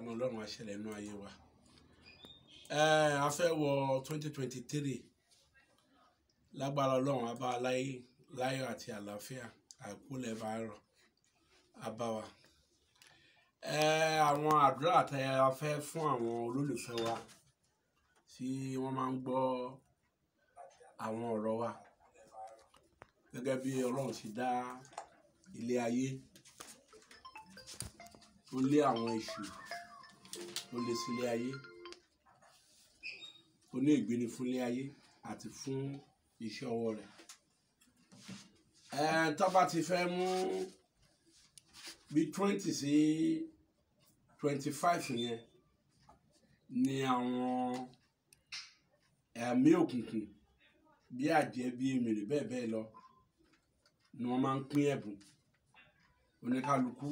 agbára ọlọ́run àṣẹlẹ̀ inú ayé wa a fẹ́ wọ twenty twenty three lágbára ọlọ́run abá láyé láyọ̀ àti àlàáfíà àkúlẹ̀ bá rọ̀ abáwa àwọn àdúrà tẹ a fẹ́ fún àwọn olólùfẹ́ wa tí wọ́n máa ń gbọ́ àwọn ọ̀rọ̀ wa gẹ́gẹ́ bí ọlọ́run ti dá ilé ayé tó lé àwọn èṣù ó lé sílé ayé ó ní ìgbéni fúnlé ayé àti fún iṣẹ́ ọwọ́ rẹ̀ tó ti fẹ́ mú bí twenty sí twenty five yẹn ni àwọn ẹ̀mí òkùnkùn bí àjẹ́ bí mèrè bẹ́ẹ̀ bẹ́ẹ̀ lọ ni wọ́n máa ń pín ẹ̀bùn oníkálukú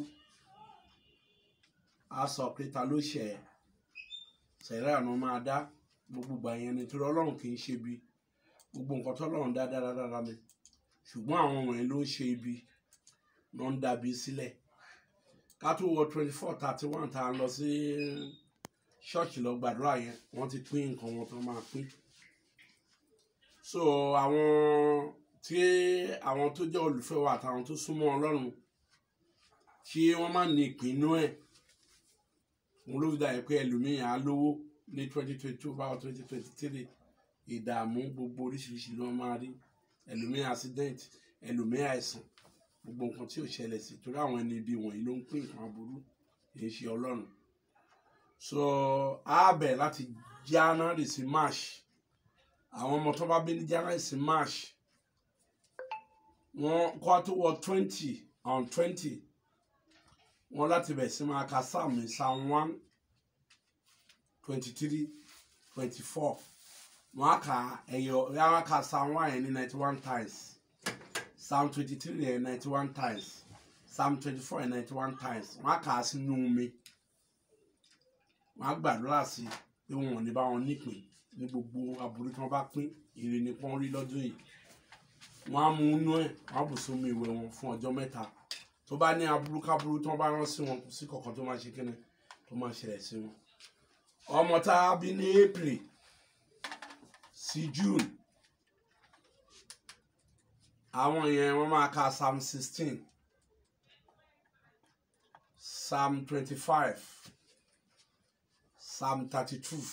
á sọ pé ta ló ṣẹ̀ ẹ́ sẹ̀rẹ́ àná máa dá gbogbo ìgbà yẹn ni torí ọlọ́run kì í ṣe ibi gbogbo nǹkan tọ́lọ́run dá dáradára mi ṣùgbọ́n àwọn wọ̀nyí ló ń ṣe ibi ló ń dàbí sílẹ̀ ká tó wọ twenty four thirty one tá a lọ sí ṣọ́ọ̀ṣì lọ gbàdúrà yẹn wọ́n ti pín nǹkan wọn tó máa pín so àwọn tí àwọn tó jẹ́ olùfẹ́ wa àtàwọn tó súnmọ́ ọlọ́run tí wọ́n máa ní ìpinnu ẹ̀ òun ló fi dà yìí pé ẹlòmíín á lówó ní twenty twenty two báwọn twenty twenty three ìdààmú gbogbo oríṣiríṣi ló máa rí ẹlòmíín accident ẹlòmíín àìsàn gbogbo nǹkan tí ò ṣẹlẹ̀ sí torí àwọn ẹni ibi wọ̀nyí ló ń pín nǹkan aburú kì í ṣe ọlọ́run so ààbẹ̀ láti January sí March àwọn ọmọ tó bá bí ní January sí March wọn kó tó wọ twenty on twenty wọn láti bẹ̀ sí máa ka sáàmù Psalm one twenty three twenty four wọn á ka ẹyọ wọn á ka sáàmù one yẹn ninety one times Psalm twenty three yẹn ninety one times Psalm twenty four yẹn ninety one times wọn á ka sí nuumi wọn á gbàdúrà sí pé wọn ò ní bá wọn nípìn ní gbogbo aburú tí wọn bá pín ìrìn nìkan rí lọ́dún yìí wọn á mú inú ẹ wọn á bù sómi ìwẹ̀ wọn fún ọjọ́ mẹ́ta tó bá ní aburú káburú tó bá rán sí wọn kò sí kankan tó máa ṣe kíni tó máa ṣẹlẹ̀ sí wọn. ọmọ tá a bí ní April sí June àwọn yẹn wọ́n máa ka Psalm sixteen Psalm twenty-five Psalm thirty-two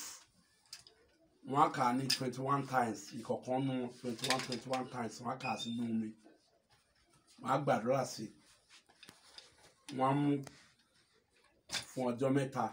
wọ́n á kà á ní twenty-one times ìkọ̀kan nù twenty-one twenty-one times wọ́n á kà á sí nù mi wọ́n gbàdúrà sí i wọ́n á mú fún ọjọ́ mẹ́ta.